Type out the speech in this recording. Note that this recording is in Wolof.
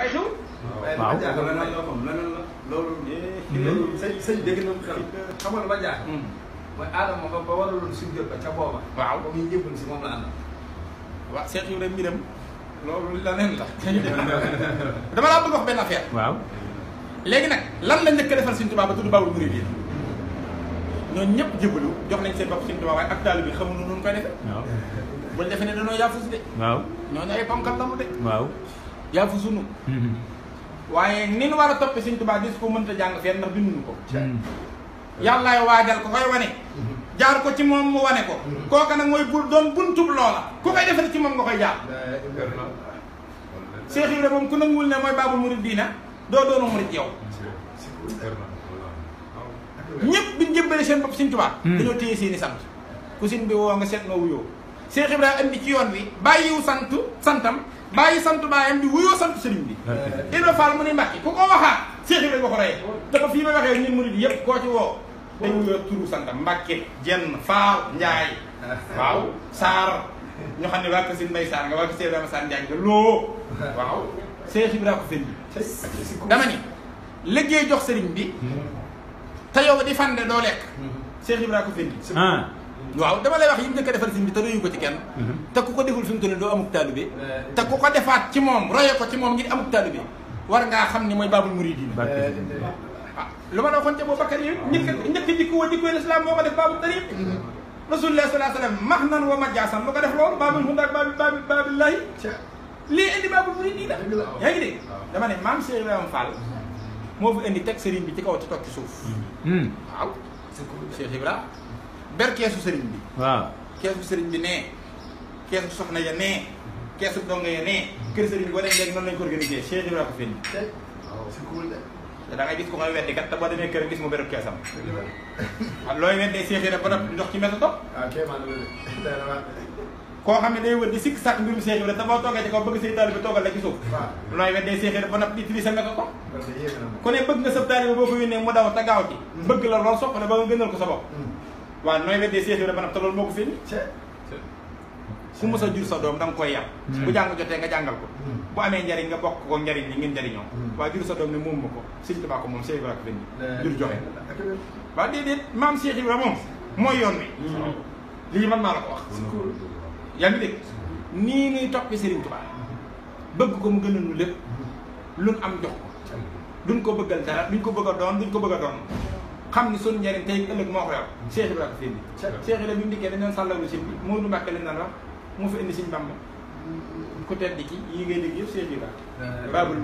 waaw leneen la moom leneen la loolu. Eh, hmm. loolu sëñ sëñ dégg na xel. Hmm. xamal ba jaaxle. Hmm. mooy aadama ba ba waraloon suñu jot ba ca booba. waaw ba muy njëbbal si moom la àndal. waaw seex yu ne mbiram loolu leneen la. dama laa bëgg wax benn affaire. waaw. léegi nag lan la njëkk a defal Sëriñ Tuubaa ba tudd Baabul Muriid yi ñooñu ñëpp jébbalu jox nañ seen bopp Sëriñ Tuubaa waaye ak taalibe bi xamuñu nu koy defee. waaw buñ defee ne dañoo yaafus de. waaw ñooñu ay ponkal la mu de. waaw. yaafusunu mm-hmm. waaye ni nu war a topp Sëñ Tuubaa dis ko mënta jàng fenn ndax binduñu ko mm-hmm. yàllaay waajal ko koy wane mm-hmm. jaar ko ci moom mu wane ko kooka nag mooy bul doon buntub loola ku koy defar ci moom nga koy jaar Seex Ibra moom ku nanguwul ne mooy baabul murid diina doo doonu murid yow ñëpp biñ jëbbale seen bopp Sëñ Tuubaa dañoo téye seeni sant ku sin bi woo nga seet noo wuyoo Seex Ibra indi ci yoon wi bàyyiwu sant santam bàyyi sant baayam di wuyoo sant sëriñ bi euh, Ibra Fall mu ni Mbàkke ku ko waxaat Seex Ibra ko reyee dafa fii may waxee ñun murid yëpp koo ci woo dañ wuyoo turu sant Mbàkke Jenn Faal Njaay waaw Saar ñu xam ne waa ko sin may Saar nga waa ko dama ni liggéey jox sëriñ bi te yow di fande doo lekk hmm. Seex Ibra ko sëriñ bi ah. waaw dama lay wax yi mu njëkk a defal sëriñ bi te doyu ko kenn mhm. te ku ko deful fi mu toll doo amuk taalibe eh, eh. te ku ko defaat ci moom roye ko ci moom ngir amuk taalibe war ngaa xam ni mooy baabul muridiin eh, ah, lu ma la waxoon ca boo bakkar yi njëkk njëkk jikko woo jikkoy lislaam boo ko def baabul tariq mhm. rasulullah sallallahu alayhi wa sallam max nan wa majaasan lu ko def loolu baabul hudaa baabi baabi baabillahi lii indi baabul muridiin yaa ngi dégg dama ne maam Cheikh Ibrahima Fall moo fi indi teg sëriñ bi ci kaw ci toog ci suuf mhm. waaw Cheikh Ibrahima berkeesu bi waaw keesu sëriñ bi nee keesu soxna ya nee keesu donga ya nee kër sëriñ boo dem léegi gis ko koy weddi kat te boo demee kër gis mu beru keesam waaw looy ah, xam ne day wër sikk sàkk mbirum Cheikh Ibrahima te boo toogee ci kaw bëgg say taalibe toogal la ci suuf looy weddee Cheikh Ibrahima ba noppi utilisé nga ko ku ne bëgg nga sa taalibe boo ko yónnee mu daw te gaaw ci mm. bëgg la lool sopp la ba nga gënal ko sa waaw nooy weddee Cheikh Ibrahima te loolu moo ko feeñ ku mës a jur sa doom da koy yàq hmm. bu jàng jotee nga jàngal ko hmm. bu amee njariñ nga bokk ko njariñ li ngeen njariñoo hmm. waaye jur sa doom ne moom ma ko Sëñ Tuubaa ko moom Cheikh Ibrahima ko jur joxe waa déedéet maam Cheikh Ibrahima moom mooy yoon wi lii man maa la ko wax yaa ngi dégg nii nuy toppi Sëriñ Tuubaa bëgg ko mu gën a nu am jox ko duñ ko bëggal dara duñ ko bëgg a doon duñ ko bëgg a doon xam ni sunu njëriñ tey ëllëg moo ko yor mm-hmm. Cheikh Ibrahima fi indi Cheikh Ibrahima bi mu dikkee dañ doon si bi Moodu Mbàkke lañ daan wax moo fi indi Sëñ Bàmba ku tedd ki yi ngay dégg yëpp Cheikh Ibrahima euh, babul